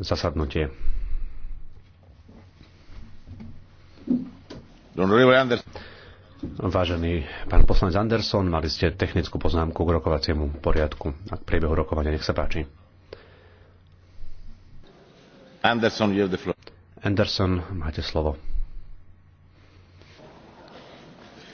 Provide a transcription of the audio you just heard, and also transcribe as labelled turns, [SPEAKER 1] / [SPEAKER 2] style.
[SPEAKER 1] zasadnutie. Vážený pán poslanec Anderson, mali ste technickú poznámku k rokovaciemu poriadku a k priebehu rokovania. Nech sa páči. Anderson, Anderson máte slovo.